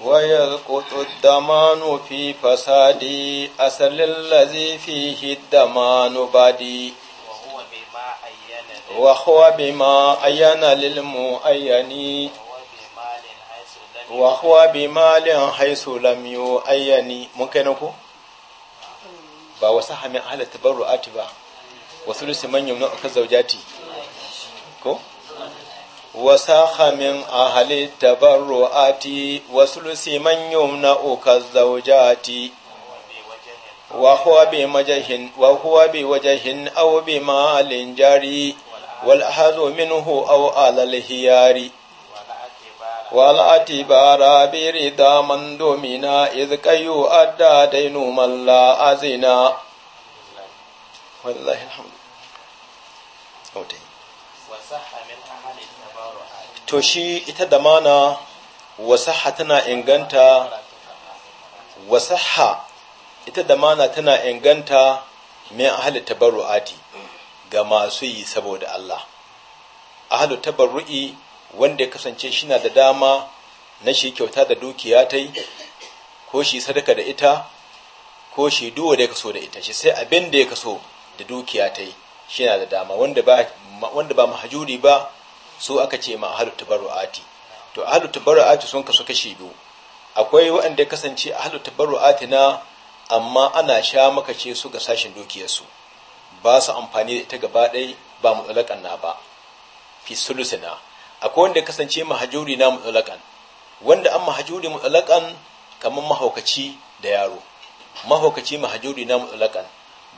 ويلقط الدمان في فسادي أسل الذي فيه الدمان بدي وهو بما أين للمؤين وهو بمال حيث لم يؤين ممكن نكو ba wasu hamin halatta barru'ati ba wasu lusi manyan nau'ukan zaujati ko وساخ من أهل التبرعات وثلث من يمنع كالزوجات وهو بوجه وهو بوجه أو بمال جاري والأحد منه أو على الهيار والاعتبار برضا من دمنا إذ كي يؤدى دين من لا أزنا ولله الحمد وصح من to shi ita da mana wasaha tana inganta wasaha ita da mana tana inganta min ahli tabarru'ati ga masu yi saboda Allah ahli tabarru'i wanda ya kasance shi na da dama na shi kyauta da dukiya ta yi ko shi sadaka da ita ko shi duwa da ya kaso da ita shi sai abin da ya kaso da dukiya ta yi shi na da dama wanda ba mahajuri ba su aka ce ma ahlut tabarruati to ahlut tabarruati sun kasu kashi biyu akwai waɗanda kasance ahlut tabarruati na amma ana sha maka ce su ga sashin dukiyarsu ba su amfani da ita gaba ɗaya ba mutsalakan na ba fi sulusina akwai wanda kasance mahajuri na mutsalakan wanda an mahajuri mutsalakan kamar mahaukaci da yaro mahaukaci mahajuri na mutsalakan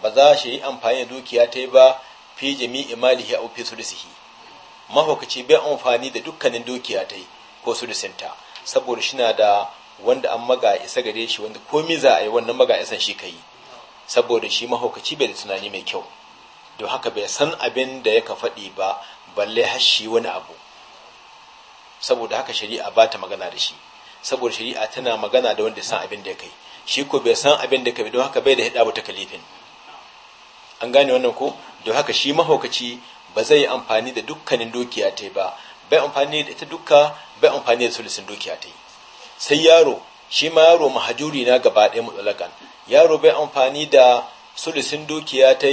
ba za shi yi amfani da dukiya ta yi ba fi jami'i malihi a fi mahaukaci bai amfani da dukkanin dukiya ta yi ko su da senta? saboda shi na da wanda an maga isa gare shi wanda komi za a yi wannan maga isan shi ka yi saboda shi mahaukaci bai da tunani mai kyau don haka bai san abin da ya ka faɗi ba balle har shi wani abu saboda haka shari'a ba ta magana da shi saboda shari'a tana magana da wanda san abin da ya kai shi ko bai san abin da ka kai don haka bai da hidabu ta kalifin an gane wannan ko don haka shi mahaukaci ba zai yi amfani da dukkanin dukiya ta ba bai amfani da ita duka bai amfani da sulisin dukiya ta sai yaro shi ma yaro mahajuri na gaba ɗaya mutsalakan yaro bai amfani da sulisin dukiya ta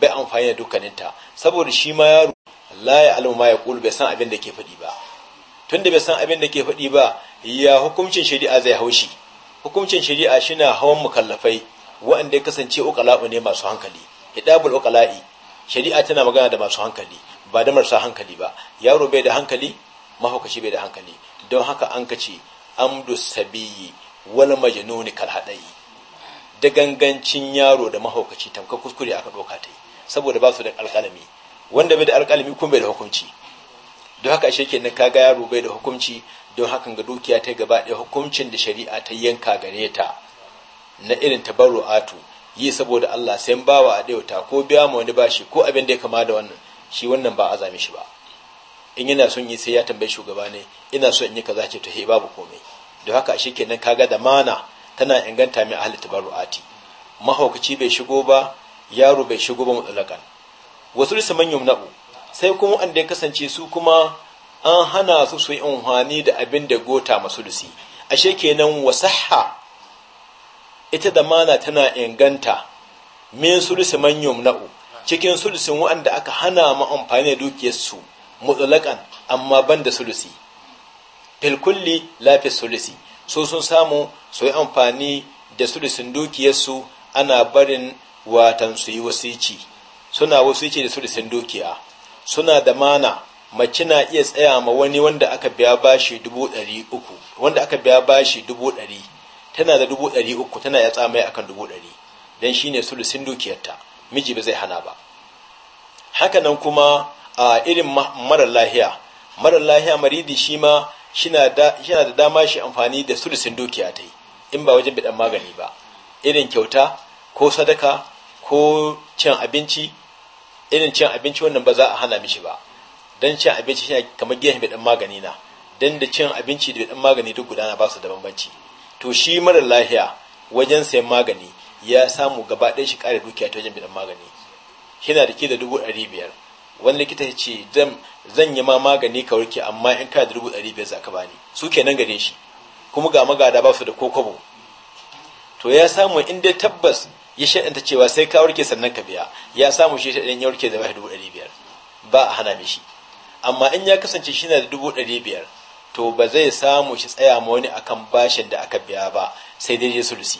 bai amfani da dukkaninta saboda shi ma yaro la ya alamu ya kulu bai san abin da ke faɗi ba tunda bai san abin da ke faɗi ba ya hukuncin shari'a zai haushi hukuncin shari'a shina hawan mukallafai waɗanda ya kasance ukala'u ne masu hankali hidabul ukala'i shari'a tana magana da masu hankali ba da marasa hankali ba yaro bai da hankali mahaukaci bai da hankali don haka an kace amdu sabiyi wal majnuni kal hadai da gangancin yaro da mahaukaci tamka kuskure aka doka ta saboda ba su da alƙalami wanda bai da alƙalami kuma bai da hukunci don haka ashe nan kaga yaro bai da hukunci don haka ga dukiya ta gaba ɗaya hukuncin da shari'a ta yanka gare ta na irin tabarru'atu yi saboda Allah sai bawa a ɗauta ko biya ma wani bashi ko abin da ya kama da wannan shi wannan ba a azami shi ba in yana son yi sai ya tambayi shugaba ne ina so in yi kaza ce to he babu komai don haka shi kenan kaga da mana tana inganta mai ahli tabarru'ati mahaukaci bai shigo ba yaro bai shigo ba mutsalakan wasu risaman yumna'u sai kuma wanda ya kasance su kuma an hana su su yi unhani da abin da gota masu dusi ashe kenan wasahha ita da mana tana inganta min sulusi manyum na'u cikin sulusin wanda aka hana mu amfani da dukiyarsu su mutlaqan amma banda sulsi fil kulli la fi so sun samu su yi amfani da sulsin dukiyarsu su ana barin watan su yi wasici suna wasici da sulusin dukiya suna da mana mace na iya tsaya ma wani wanda aka biya bashi dubu ɗari uku wanda aka biya bashi dubu ɗari tana da dubu ɗari uku tana ya mai akan dubu ɗari don shine sulusin dukiyarta miji ba zai hana ba hakanan kuma a irin marar lahiya marar lahiya maridi shi ma shi na da dama shi amfani da sulusin dukiya ta yi in ba wajen bidan magani ba irin kyauta ko sadaka ko cin abinci irin cin abinci wannan ba za a hana mishi ba don cin abinci shi kamar gehen bidan magani na don da cin abinci da bidan magani duk gudana ba su da bambanci to shi mara lahiya wajen sayan magani ya samu gaba ɗaya shi ƙare dukiya ta wajen bidan magani yana da ke da dubu ɗari biyar wani likita ya ce zan yi ma magani ka warke amma in ka da dubu ɗari biyar za ka ba ni? su ke nan gare shi kuma ga magada ba su da kokobo to ya samu in dai tabbas ya shaɗanta cewa sai ka warke sannan ka biya ya samu shi shaɗin ya warke da ba dubu ɗari biyar ba a hana mishi amma in ya kasance shi na da dubu ɗari biyar to ba zai samu shi tsaya ma wani akan bashin da aka biya ba sai dai je sulusi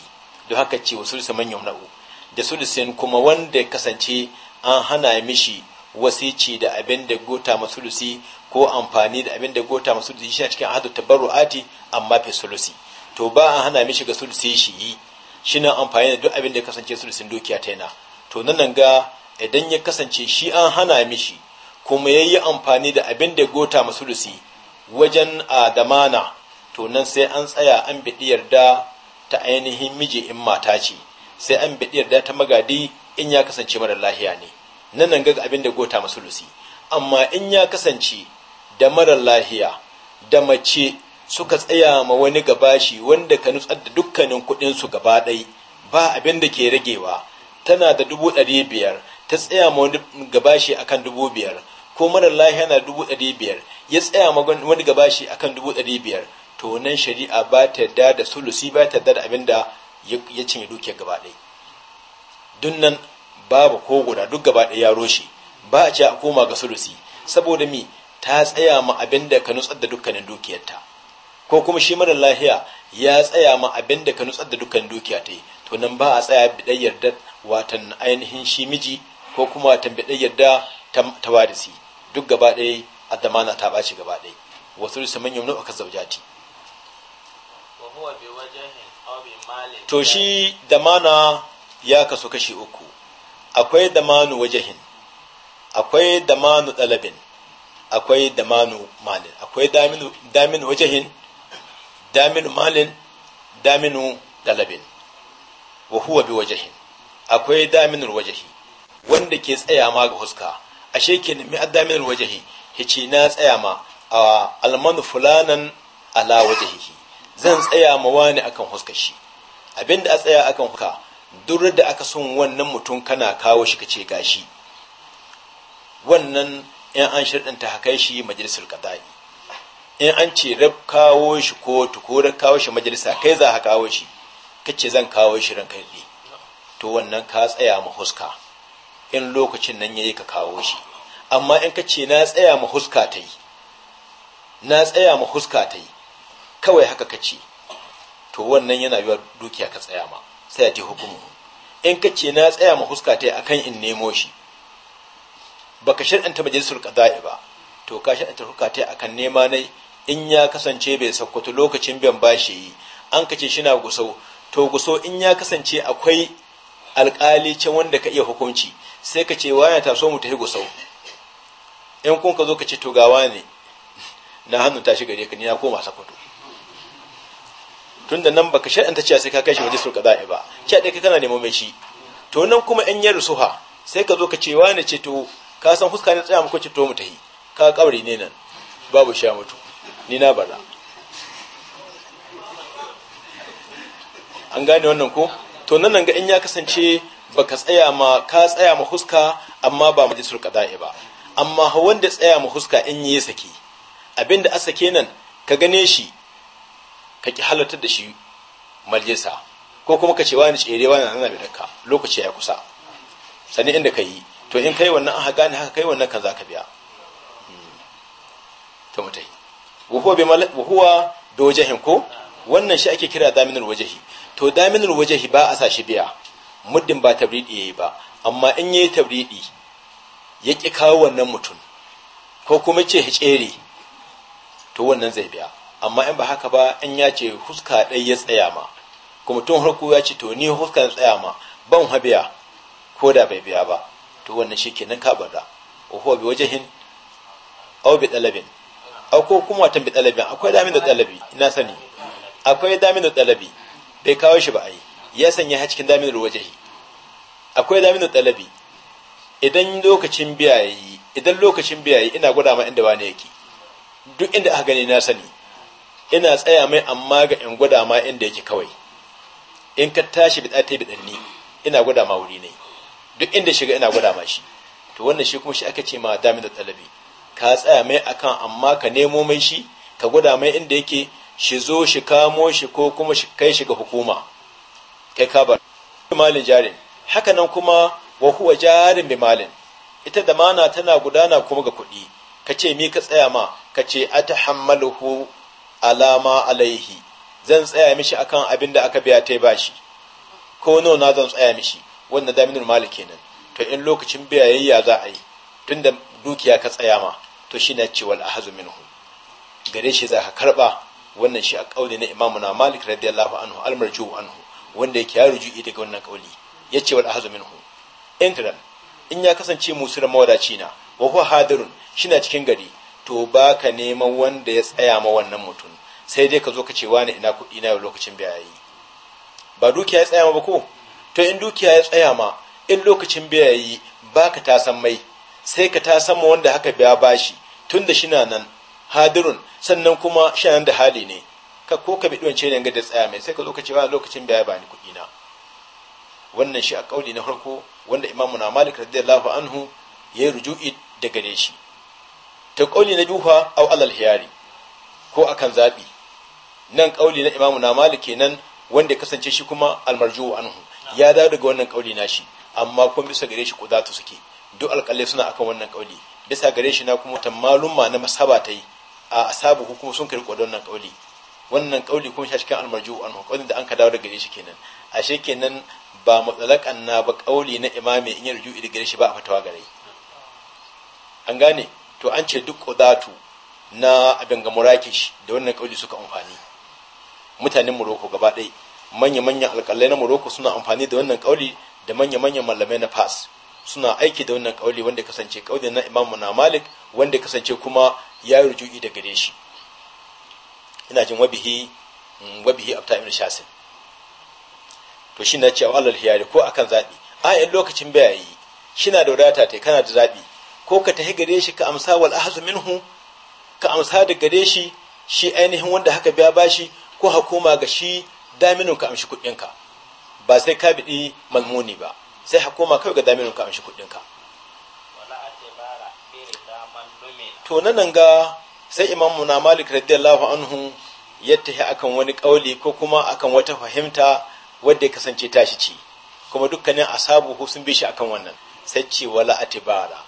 don haka ce wa sulusi manyan na'u. da sulusin kuma wanda ya kasance an hana mishi wasici da abin da gota ma sulusi ko amfani da abin da gota ma sulusi shi cikin ahadu tabarru'ati amma fi sulusi to ba an hana mishi ga sulusi shi yi shi na amfani da duk abin da ya kasance sulusin dukiya ta yana to nan ga idan ya kasance shi an hana mishi kuma ya yi amfani da abin da gota ma sulusi wajen adamana to nan sai an tsaya an biɗi yarda ta ainihin miji in mata ce sai an biɗi yarda ta magadi in ya kasance marar lahiya ne nan nan gaga abin da gota lusi. amma in ya kasance da marar lahiya da mace suka tsaya ma wani gabashi wanda ka nutsar da dukkanin kuɗinsu gaba ɗai ba abin da ke ragewa tana da dubu ɗari biyar ta tsaya ma wani gabashi akan dubu biyar ko mara lahi yana dubu ɗari biyar ya tsaya wani gaba shi akan dubu ɗari biyar to nan shari'a ba ta da da sulusi ba ta da da abin da ya cinye dukiyar gaba ɗaya dun nan babu ko guda duk gaba ɗaya ya roshe ba a ce a koma ga sulusi saboda mi ta tsaya ma abin da ka nutsar da dukkanin dukiyarta ko kuma shi mara lahiya ya tsaya ma abin da ka nutsar da dukkanin dukiya ta yi to nan ba a tsaya biɗayyar da watan ainihin shi miji ko kuma watan biɗayyar da ta warisi duk gaba ɗaya addamana ta ɓaci gaba ɗaya wasu thuluthu manyan yumnu aka zawjati to shi damana ya kaso kashi uku akwai damanu wajahin akwai damanu dalabin akwai damanu malin akwai daminu wajahin daminu malin daminu dalabin wa huwa bi wajahin akwai daminul wajahi wanda ke tsaya ma ga huska ashe ke nemi addamin wajahi hici na tsaya ma a almanu fulanan ala wajahihi zan tsaya ma wani akan huskar shi abinda a tsaya akan huka duk da aka son wannan mutum kana kawo shi kace gashi wannan in an ta hakai shi majalisar qada'i in an ce rab kawo shi kotu ko rab kawo shi majalisa kai za ka kawo shi kace zan kawo shi ran kai to wannan ka tsaya ma huska in lokacin nan yayi ka kawo shi amma in ka ce na tsaya ma huska ta yi na tsaya ma huska ta yi kawai haka ka ce to wannan yana yiwa dukiya ka tsaya ma sai a ce hukumu in ka ce na tsaya ma huska ta yi akan in nemo shi baka shar'anta majalisar qada'i ba to ka shar'anta huska ta yi akan nema ne in ya kasance bai sakkwato lokacin ban bashi yi an kace shi na gusau to gusau in ya kasance akwai alƙali can wanda ka iya hukunci sai ka ce waya ta so mu tafi gusau in kun ka zo ka ce to gawa ne na ta tashi gare ka ni na koma sakwato tunda nan baka shaɗanta cewa sai ka kai shi waje sulka za'i ba cewa ɗaya kana neman mai shi to nan kuma in ya rusuha sai ka zo ka ce ne ce to ka san fuska ne tsaya muku ce to mu tahi ka kabari ne nan babu sha mutu ni na bara an gane wannan ko to nan ga in ya kasance baka tsaya ma ka tsaya ma huska amma ba majlisul qada'i ba amma wanda tsaya ma huska in yi saki abinda a sake nan ka gane shi ka ki halartar da shi majalisa ko kuma ka ce wani tsere wani nan da daka lokaci ya kusa sani inda ka yi to in kai wannan aka gane haka kai wannan kaza ka biya hmm. to mutai wuhuwa bi wuhuwa dojahin ko wannan shi ake kira daminul wajahi to daminul wajahi ba a sa shi biya muddin ba tabridi yayi ba amma in yayi tabridi ya ki kawo wannan mutum ko kuma ce hicere to wannan zai biya amma in ba haka ba in ya ce huska ɗai ya tsaya ma kuma tun harko ya ce to ni huska ya tsaya ma ban habiya ko da bai biya ba to wannan shi kenan ka bada oho bi wajahin aw bi talabin aw ko kuma watan bi talabin akwai damin da talabi ina sani akwai damin da talabi bai kawo shi ba ai ya sanya ha cikin daminar wajahi akwai daminar talabi idan lokacin biya yi idan lokacin biya yi ina gwada ma inda wani yake duk inda aka gani na sani ina tsaya mai amma ga in gwada ma inda yake kawai in ka tashi bi tsate bi danni ina gwada ma wuri ne duk inda shiga ina gwada ma shi to wannan shi kuma shi aka ce ma daminul talabi ka tsaya mai akan amma ka nemo mai shi ka gwada mai inda yake shi zo shi kamo shi ko kuma shi kai shi ga hukuma kai ka bar mali jarin haka nan kuma wa huwa jarin bi malin ita da mana tana gudana kuma ga kuɗi ka ce mi ka tsaya ma ka ce atahammaluhu alama alaihi zan tsaya mishi akan abin da aka biya ta yi bashi ko nawa na zan tsaya mishi wannan daminul mali kenan to in lokacin biyayya za a yi tunda dukiya ka tsaya ma to shi na ce wal ahazu minhu gare shi za ka karba wannan shi a kauli na imamu na malik radiyallahu anhu almarju anhu wanda yake ya ruju'i daga wannan kauli ce wal ahzu minhu Intanet, in ya kasance musulun mawadaci na wa huwa hadirun shina cikin gari to baka neman wanda ya tsaya ma wannan mutum sai dai ka zo ka ce wani ina kuɗi na lokacin biya yayi ba dukiya ya tsaya ma ba ko to in dukiya ya tsaya ma in lokacin biya yayi baka san mai sai ka ta ma wanda haka biya bashi tunda shina nan hadirun sannan kuma shi nan da hali ne ka ko ka biɗi wance dangane da tsaya mai sai ka zo ah, lokacin biya ba ni kuɗi na wannan shi a ƙauli na farko wanda imamu na malik radiyallahu anhu ya yi ruju'i da gare shi ta ƙauli na juha au alal hiyari ko akan zaɓi nan ƙauli na imamu na malik kenan wanda ya kasance shi kuma almarjuu anhu ya dawo daga wannan ƙauli na shi amma kuma bisa gare shi kudatu suke duk alƙalai suna akan wannan ƙauli bisa gare shi na kuma maluma na masaba ta yi a asabu kuma sun karɓi wannan ƙauli wannan kauli kuma shi cikin almarju anhu kaulin da an ka dawo da gare shi kenan ashe kenan ba mutsalakan na ba kauli na imami in yarju da gare shi ba a fatawa gare an gane to an ce duk qudatu na abin ga murakish da wannan kauli suka amfani mutanen Morocco gaba ɗaya manya-manyan alƙalai na Morocco suna amfani da wannan kauli da manya-manyan malamai na Fas suna aiki da wannan kauli wanda kasance kauli na Imam na Malik wanda kasance kuma ya yi rujui da gare shi ina jin wabihi mm, wabihi abta ibn shasin to shi na ce wa alal hiyari ko akan zabi a yan lokacin bayayi shi shina da wadata ta kana da zaɓi ko ka tahi gare shi ka amsa wal ahzu minhu ka amsa da gare shi shi ainihin wanda haka biya bashi ko hakoma ga shi daminin ka amshi kuɗinka ba sai ka biɗi malmuni ba sai hakoma kawai ga daminin ka amshi kuɗinka to nan ga sai imamu na malik radiyallahu anhu ya akan wani ƙauli ko kuma akan wata fahimta wadda ya kasance tashi ci kuma dukkanin ko sun bi shi akan wannan sai ce wala atibara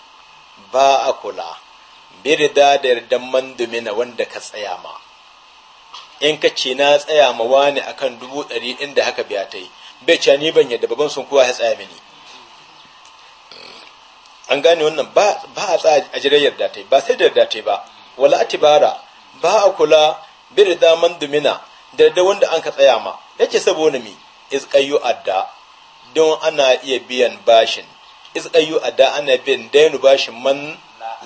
ba a kula birda da yardan mandumina wanda ka tsaya ma in ka ce na tsaya ma wani akan dubu ɗari inda haka biya ta yi bai ce ni ban yadda baban sun kowa ya tsaya mini an gane wannan ba a tsaya a jirar yarda ta yi ba sai da yarda ta yi ba wala atibara ba a kula bir da man dumina da da wanda an ka tsaya ma ce saboda mi is qayyu adda don ana iya biyan bashin is qayyu adda ana biyan dainu bashin man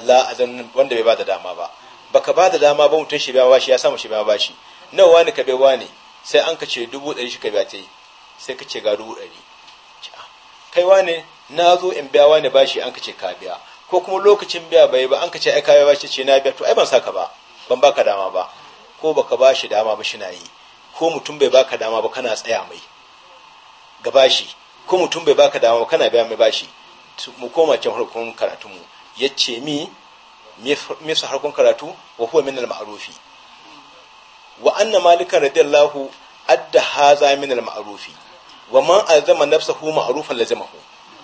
la azan wanda bai bada dama ba baka bada dama ba mutun shi biya bashi ya samu shi biya bashi nawa wani ka bai wani sai an ka ce dubu ɗari shi ka biya tai sai ka ce ga dubu ɗari kai wani na zo in biya wani bashi an ka ce ka biya ko kuma lokacin biya bai ba an ka ce ai ka biya bashi ce na biya to ai ban saka ba ban baka dama ba ko baka ba shi dama ba shina yi ko mutum bai baka dama ba kana tsaya mai gaba shi ko mutum bai baka dama ba kana biya mai bashi mu koma can harkokin karatu mu yace mi me su harkokin karatu wa huwa min al-ma'rufi wa anna malika radiyallahu adda haza min al-ma'rufi wa man azama nafsahu ma'rufan lazamahu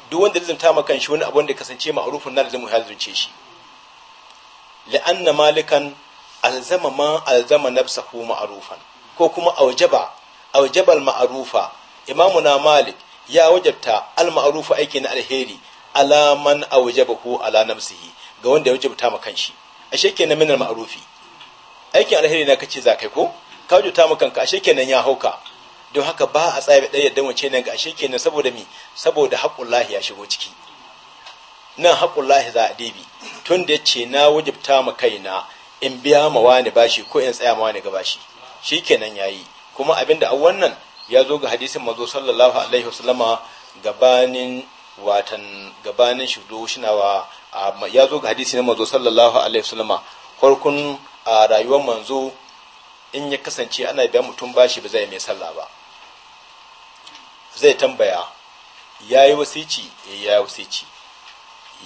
duk wanda ta ma shi wani abu wanda kasance ma'rufun nan lazamu ya lazimce shi la'anna malikan alzama man alzama nafsahu ma'rufan ko kuma aujaba aujabal ma'rufa imamu na malik ya wajabta al ma'rufa aiki na alheri ala man aujabahu ala nafsihi ga wanda ya wajabta ma kanshi ashe kenan min al ma'rufi aikin alheri na kace kai ko ka wajabta ma kanka ashe kenan ya hauka don haka ba a tsaye da yadda wace nan ga ashe kenan saboda mi saboda lahi ya shigo ciki nan lahi za a debi tun da ya ce na wajabta ma kaina in biya ma wani bashi ko in tsaya ma wani ga bashi shikenan yayi kuma abinda a wannan ya zo ga hadisin mazo sallallahu alaihi wasallama gabanin watan gabanin shudo wa ya zo ga hadisin mazo sallallahu alaihi wasallama farkon a rayuwar manzo in ya kasance ana biya mutum bashi ba zai mai sallah ba zai tambaya ya yi wasici eh, ya yi wasici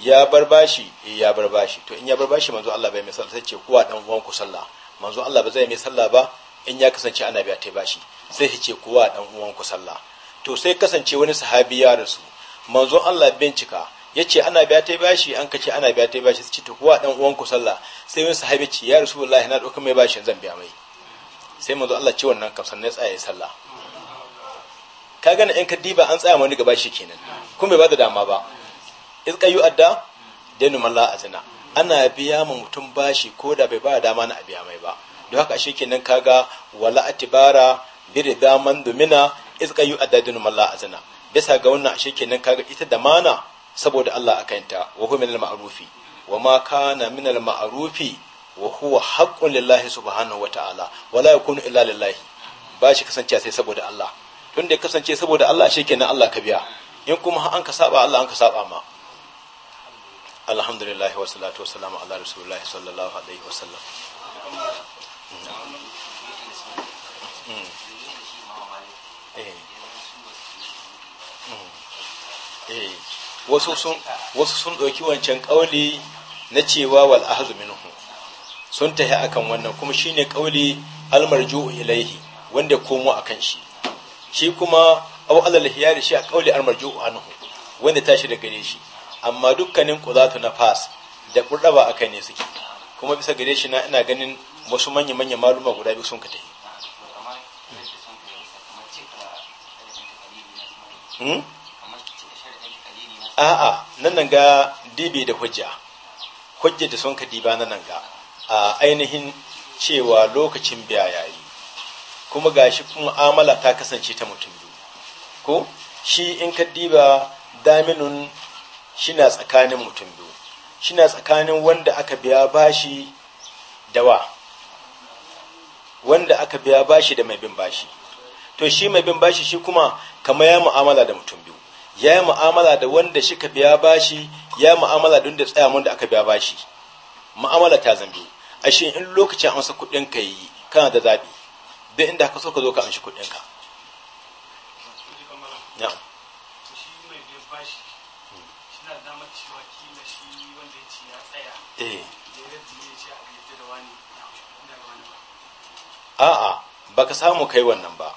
ya bar bashi eh, ya bar bashi to in ya bar bashi manzo Allah bai mai sallah sai ce kuwa dan uwan ku sallah manzo Allah ba zai mai sallah ba in ya kasance ana biya ta bashi sai shi ce kuwa dan uwan ku sallah to sai kasance wani sahabi ya rasu manzo Allah bincika ya ce ana biya ta bashi an kace ana biya ta bashi sai ce to kuwa dan uwan ku sallah sai wani sahabi ce ya rasulullahi na dauka mai bashi zan biya mai sai manzo Allah ce wannan kam sannan tsaya sallah ka gane in ka diba an tsaya mani gaba shi kenan kuma bai ba da dama ba izka yu adda dai ana biya ma mutum bashi ko da bai ba dama na biya mai ba don haka shi kenan kaga wala atibara biri daman dumina izka yu adda dai man la bisa ga wannan shi kenan kaga ita da mana saboda Allah akanta wa huwa min al-ma'rufi wa ma kana min al-ma'rufi wa huwa haqqun lillahi subhanahu wata'ala wala yakunu illa lillahi bashi kasance sai saboda Allah tunda ya kasance saboda Allah kenan Allah ka biya in kuma an ka saba Allah an ka saba ma alhamdulillah wa salatu salamu ala rasulullahi sallallahu alaihi mm. mm. mm. wasu sun ɗauki wancan ƙauli na cewa wal ahzu minhu sun tahi akan wannan kuma shine ƙauli almarju ilaihi wanda komo akan shi shi kuma abu alal hiyari shi a ƙauli almarju anhu wanda tashi daga gare shi amma dukkanin kuzatu na fas da ba a kai ne suke kuma bisa gare shi na ina ganin wasu manya-manya maluma guda biyu sun ka ta yi hmm? a'a nan nan ga dibe da hujja hujja da sun ka diba nan nan ga a ainihin cewa lokacin biya yayi kuma gashi kuma amala ta kasance ta mutum biyu ko shi in ka diba daminun shina tsakanin mutum biyu shina tsakanin wanda aka biya bashi da wa wanda aka biya bashi da mai bin bashi to shi mai bin bashi shi kuma kama ya mu'amala da mutum biyu ya yi mu'amala da wanda shi ka biya bashi ya mu'amala da wanda tsaya wanda aka biya bashi mu'amala ta zambi ashe in lokacin amsa kuɗin ka yi kana da zaɓi duk inda ka so ka zo ka amshi kuɗin ka na'am Eh. A'a, ba ka samu kai wannan ba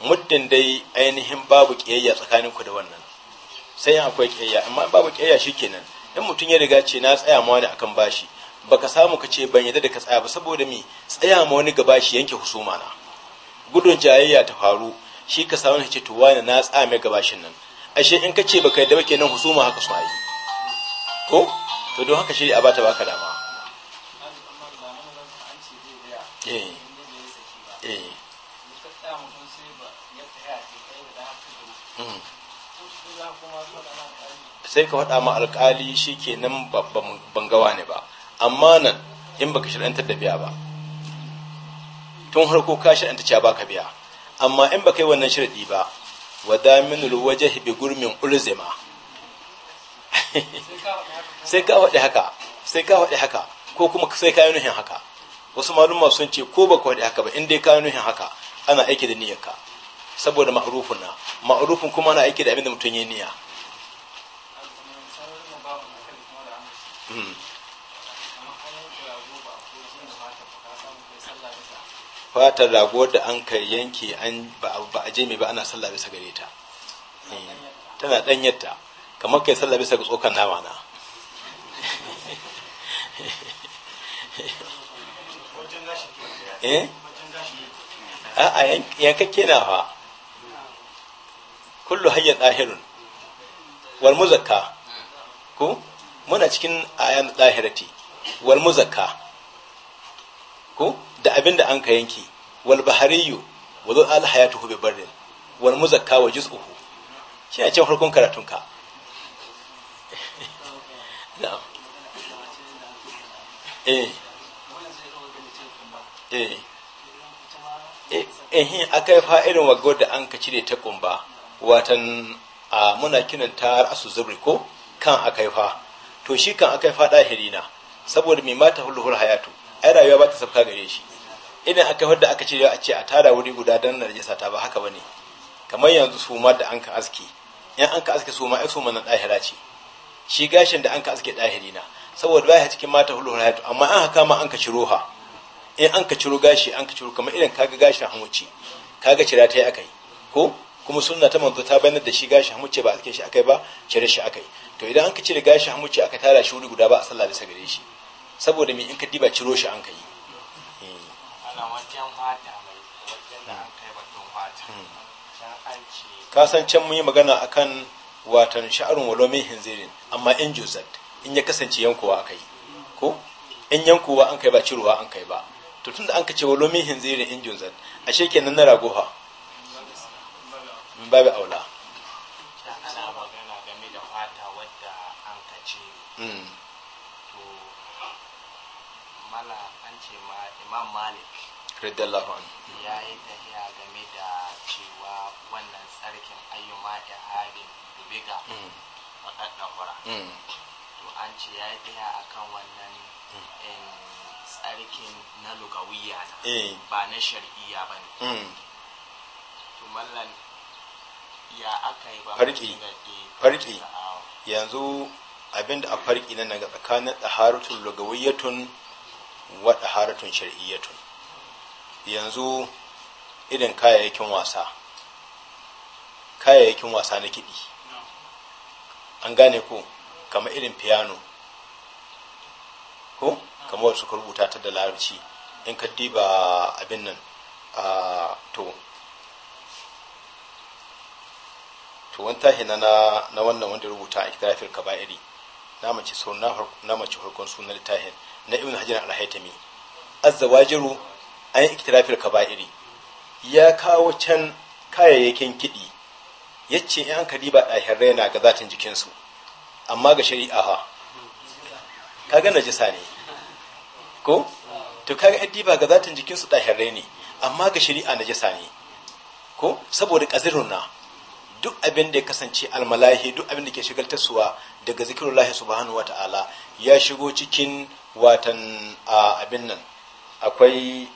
muddin dai ainihin babu kiyayya tsakanin ku da wannan sai akwai kiyayya amma babu kiyayya kenan, in mutum ya riga ce na tsaya ma wani akan bashi ba ka samu ka ce ban yadda da ka tsaya ba saboda mi tsaya ma wani gaba shi yanke husuma na gudun jayayya ta faru shi ka samu ce to wani na tsaya mai gabashin nan ashe in ka ce ba ka yadda ba kenan husuma haka su yi ko to don haka a ba ta baka dama eh. Eh. Hmm. sai ka faɗa ma alƙali shi ke nan babban gawa ne ba amma nan in baka shir'antar da biya ba tun harko ka shirantar cewa baka biya amma in baka yi wannan shirɗi ba wa daminul wajhi bi gurmin ulzima sai ka faɗi haka sai ka faɗi haka ko kuma sai ka yi nuhin haka wasu malumma sun ce ko ba ka faɗi haka ba in dai ka yi nuhin haka ana aiki da niyyarka saboda ma'rufun na ma'rufun kuma ana aiki da abin da mutum ya niyya hmm. fatar rago da an ka yanke ba a je ba ana sallah bisa gare ta hmm. tana danyarta kamar kai sallah bisa ga tsokan nama na eh a ya kake na fa kullu hayyan dahirun wal muzakka ku muna cikin ayan dahirati wal muzakka ku da abinda an ka yanki wal bahariyu wa dhul al hayatuhu bi barrin wal muzakka wa juz'uhu shi a cikin farkon karatunka na'am eh eh, eh fa'irin wago da an ka cire ta kumba watan a muna kinan ta rasu zubri ko kan akai fa to shi kan akai fa dahiri na saboda mai mata hulhul hayatu ai rayuwa ba ta sabka gare shi idan aka da aka cire a ce a tara wuri guda dan najasa ta ba haka ne kamar yanzu su ma da an ka aski in an ka aski su ma ai su ma na dahira ce shi gashin da an ka aske ɗahiri na saboda baya cikin mata hulu hayatu amma an haka ma an ka ciro ha in an ka ciro gashi an ka ciro kamar irin kaga gashin hamuci kaga cira ta yi akai ko kuma sunna ta manzo ta bayyana da shi gashi hamuci ba aske shi akai ba cire shi akai to idan an ka cire gashi hamuci aka tara shi wuri guda ba a sallah bisa gare shi saboda me in ka diba ciro shi an ka yi eh. hmm. ka san can mun yi magana akan watan sha'arun walomin hinzirin amma in juzat in ya kasance yankowa aka yi ko in yankowa an kai ba ciruwa an kai ba to tunda an kace walomin hinzirin in juzat ashe kenan na ragoha ba babu aula ana magana game da fata wadda an kace hmm. to mala an ce ma imam malik radiyallahu anhu ya yi tafiya game da cewa wannan tsarkin ayyuma da harin biga mm. faɗaɗ ɗaura mm. to an ce ya yi daya a kan wannan mm. eh, tsarkin na lugawiya na eh. ba na shari'iya ba ne to mallan ya aka yi ba farki farki yanzu abinda a farki nan daga tsakanin ɗaharatun lugawiyatun wa ɗaharatun shari'iyyatun yanzu irin kayayyakin wasa kayayyakin wasa na kiɗi an gane ku kama irin piano ko kama wasu suka rubuta ta da larabci in ka diba abin nan to to wani tahi na na wannan wanda rubuta a kitabul kaba'iri na mace so na mace farkon sunan littafin na ibn hajar alhaitami haytami azzawajiru an yi iktirafil kaba'iri ya kawo can kayayyakin kiɗi yace in an kadi ba ɗahirai na ga zatin jikinsu amma ga shari'a ha kaga najisa ne ko to kaga addi ba ga zatin jikinsu ɗahirai ne amma ga shari'a najisa ne ko saboda ƙazirun na duk abin da ya kasance almalahi duk abin da ke shigaltar suwa daga zikirullahi subhanahu wata'ala ya shigo cikin watan abin nan akwai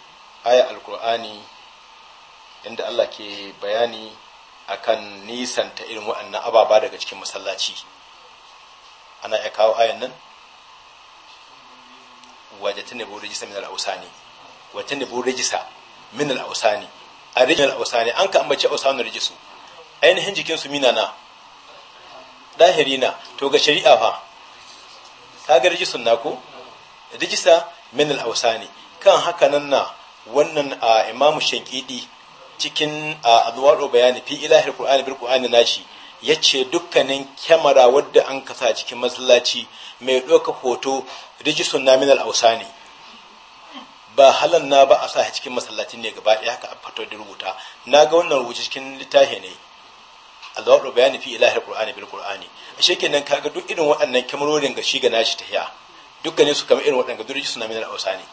aya alkur'ani inda Allah ke bayani akan nisanta irin waɗannan ababa daga cikin masallaci ana iya kawo ayan nan wajen da buru rijisa min al-ausani wajen tunda bu rijisa min al-ausani a rijin al-ausani an ka ambaci ausanu rijisu ainihin jikinsu minana ɗahiri na to ga shari'a fa ga rijisun na ko rijisa min al-ausani kan haka nan na wannan a imamu shankidi cikin adwa'ul bayani fi ilahil qur'ani bil qur'ani nashi yace dukkanin kyamara wadda an kasa cikin masallaci mai doka hoto rijisun naminal ausani ba halan na ba a sa cikin masallaci ne gaba ɗaya haka a fito da rubuta na ga wannan rubuce cikin littafi ne alwadu bayani fi ilahil qur'ani bil qur'ani a shekenan kaga duk irin waɗannan kyamarorin ga shi ga nashi tahiya dukkanin su kamar irin waɗannan ga rijisun suna al-ausani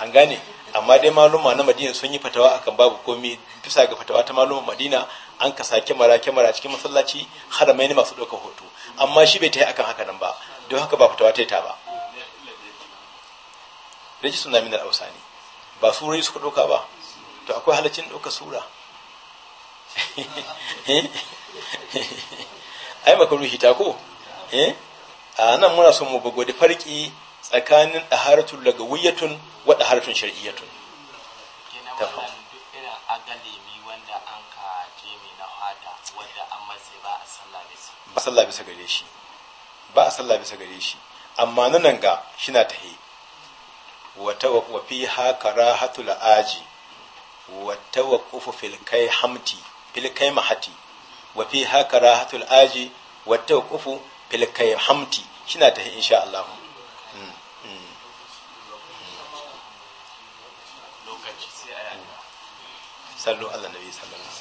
an gane amma dai maluma na madina sun yi fatawa akan babu komi bisa ga fatawa ta maluman madina an ka sa kyamara kyamara cikin masallaci haramai ne masu ɗaukar hoto amma shi bai ta yi akan haka nan ba don haka ba fatawa ta yi ta ba rage suna minar hausa ne ba surori suka ɗauka ba to akwai halacin ɗaukar sura eh? ai makaruhi ta ko eh? a nan muna son mu bagwadi farki tsakanin daga wuyatun wadda harfin shar'iyyatun tafam ba sallah bisa gare shi ba a sallah bisa gare shi amma nan ga shi na tahi wata wafi haka rahatu la'aji wata kufu filkai hamti filkai mahati wafi haka rahatu la'aji wata kufu filkai hamti shi na tahi insha Allah صلوا على النبي صلى الله عليه وسلم